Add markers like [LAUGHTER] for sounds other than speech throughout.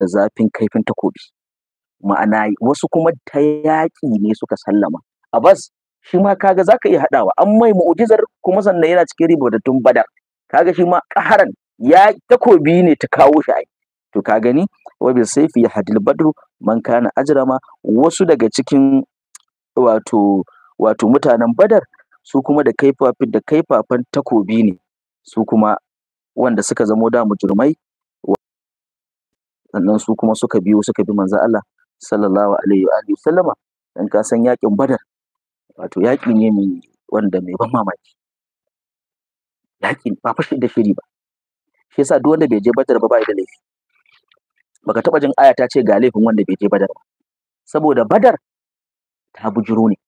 da zafin kaifin takobi ma'ana wasu kuma ta yaƙi ne suka sallama abbas shi ma kaga ka iya haɗawa an mai mu'jizar kuma sannan yana cikin riba ribadattun badar kaga shi ma ƙaharan ya takobi ne ta kawo shi ai to ka gani wa bil sayfi yahdil badru man kana ajrama wasu daga cikin wato mutanen badar su kuma da kaifafin kaifafan takobi ne su kuma wanda suka zamo da mujrimai sannan su kuma suka biyo suka bi manzo Allah sallallahu alaihi wa alihi sallama dan ka san yakin badar wato yaki ne mai wanda mai ban mamaki yakin ba fashi da shiri ba shi yasa duk wanda bai je badar ba bai da laifi baka taba jin aya ta ce ga laifin wanda bai je badar ba saboda badar ta bujiro ne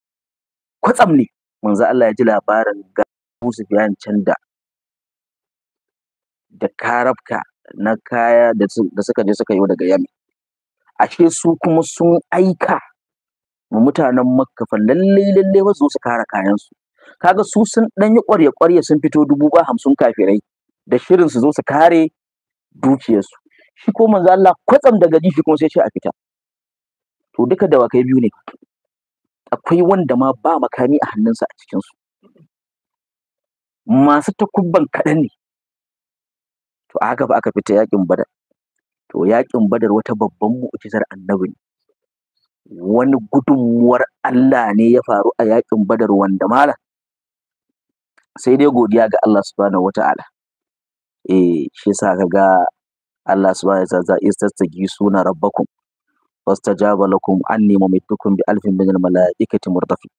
kwatsam ne manzo Allah ya ji labarin ga Musu can da da karabka na kaya da suka je suka yi daga yami ashe su kuma sun aika mu mutanen makka fa lalle lalle wasu su kara kayan su kaga su sun dan yi ƙwarya ƙwarya sun fito dubu ba hamsin kafirai da shirin su zo su kare dukiyar su shi ko manzo Allah kwatsam daga jifi kuma sai ce a fita to duka da wakai biyu ne akwai wanda ma ba makami a hannunsa a cikin su masu takubban kaɗan ne to a haka fa aka fita yaƙin badar to yaƙin badar wata babban mu'jizar annabi ne wani gudunmuwar Allah ne ya faru a yaƙin badar wanda malam sai dai godiya ga Allah subhanahu wata'ala eh shi yasa ga Allah subhanahu wa ta'ala istastagi suna rabbakum fastajaba lakum anni mumittukum bi alfin min almalaiikati murdafi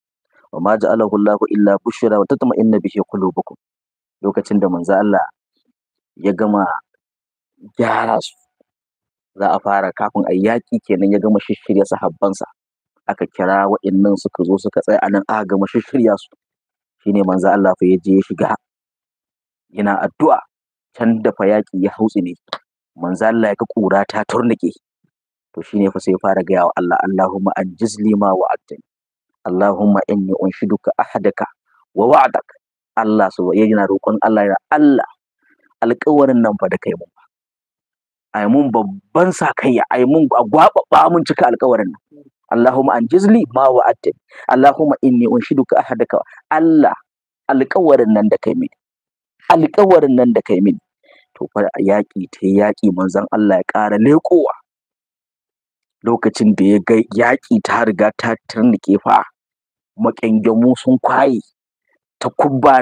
wa ma ja'alahu Allahu illa bushra wa tatma'inna bihi qulubukum lokacin da manzo Allah ya gama gyara su za a fara kafin a yaƙi kenan ya gama habban sahabbansa aka kira wa'innan suka zo suka tsaya anan aka gama shirya su shine manzo Allah fa yaje ya shiga yana addu'a can da fa yaƙi ya hautsi ne manzo Allah ya ga kura ta turnike to shine fa sai ya fara gaya wa Allah Allahumma ajiz lima wa atani Allahumma inni unshiduka ahadaka wa wa'dak Allah so yana roƙon Allah ya Allah alƙawarin nan fa da kai mun ai mun babban sa sakayya ai mun gwaɓaɓa mun cika alƙawarin nan Allahumma anjizli ma wa'adtani Allahumma inni unshiduka ahadaka Allah alƙawarin nan da kai mini alƙawarin nan da kai mini to fa yaƙi ta yaƙi manzon Allah ya ƙara leƙowa lokacin da ya ga yaƙi ta riga ta tarnike fa makyangamu sun kwaye ta kubba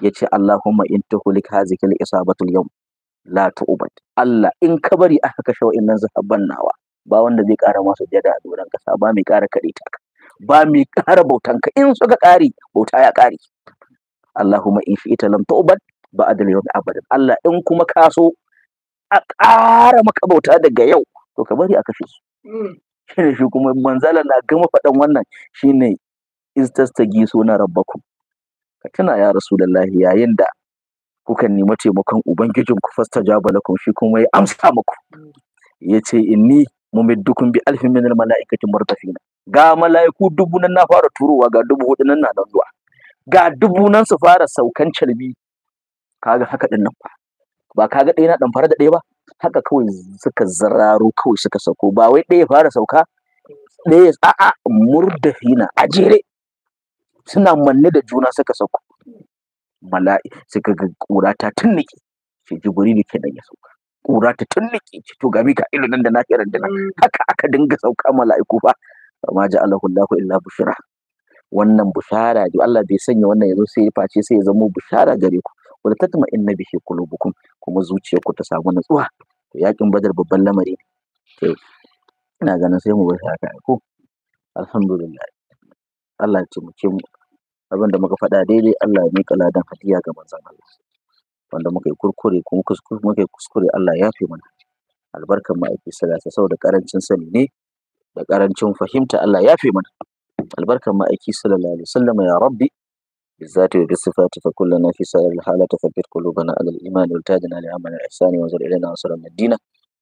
yace Allahumma in tuhlik hadhihi al-isabatu al-yawm la tu'bad Allah in ka bari aka kashe wa'annan zahaban nawa ba wanda zai kara masu jada a doron kasa, ba mai ƙara kare ta ba mai ƙara bautan ka in suka kare bauta ya kare Allahumma in fi'ita lam tu'bad ba al yawm abadan Allah in kuma ka so a ƙara maka bauta daga yau to ka bari a kashe su mm. [LAUGHS] shi kuma manzala na gama faɗan wannan shine istastagi suna rabbakum ka tuna ya rasulullahi yayin da kuka nemi taimakon Ubangijin ubangijinku fastajaba lakum shi kuma ya amsa muku yace inni mumiddukum bi alfin min almalaikati murtafina. ga malaiku dubu nan na fara turowa ga dubu hudu nan na zuwa ga dubu nan su fara saukan calbi kaga haka din nan ba kaga ɗaya na dan fara da ɗaya ba haka kawai suka zararo kawai suka sauko ba wai ɗaya fara sauka ɗaya a'a murdafina a jere suna manne da juna suka sauko mala'i suka ga ƙura ta tunnike Shi ce ne kenan ya sauka ƙura ta tunnike shi to ga mika nan da na kira dana mm. haka aka dinga sauka mala'iku ba amma ja Allahu illa bushra wannan bushara da Allah bai sanya wannan yazo sai ya face sai ya zama bushara gare ku wala tatma inna bihi qulubukum kuma zuciyarku ta samu natsuwa to yakin badar babban lamari ne ina ganin sai mu bar haka ko alhamdulillah Allah ya taimake mu abinda muka faɗa daidai Allah ya miƙa ladan hadiya ga manzon Allah wanda muka yi kurkure kuma muka yi kuskure Allah ya fi mana albarkan ake salata saboda karancin sani ne da karancin fahimta Allah ya fi mana albarkan ake sallallahu alaihi wasallam ya rabbi بالذات وبالصفات فكلنا في سائر الحالات ثبت قلوبنا على الايمان والتاجنا لعمل الاحسان وانزل الينا نصرا من دينه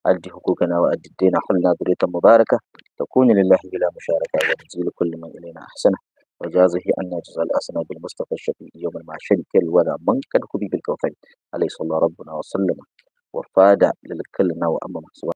أدي حقوقنا وأدي الدين حلنا ذرية مباركة تكون لله بلا da وتجزي لكل من إلينا أحسنه وجازه أن جزء الأسنة بالمصطفى الشفيع يوم مع شرك الولا من كان كبي بالكوكب عليه صلى ربنا وسلم وفاد للكل نوع أما محسوبة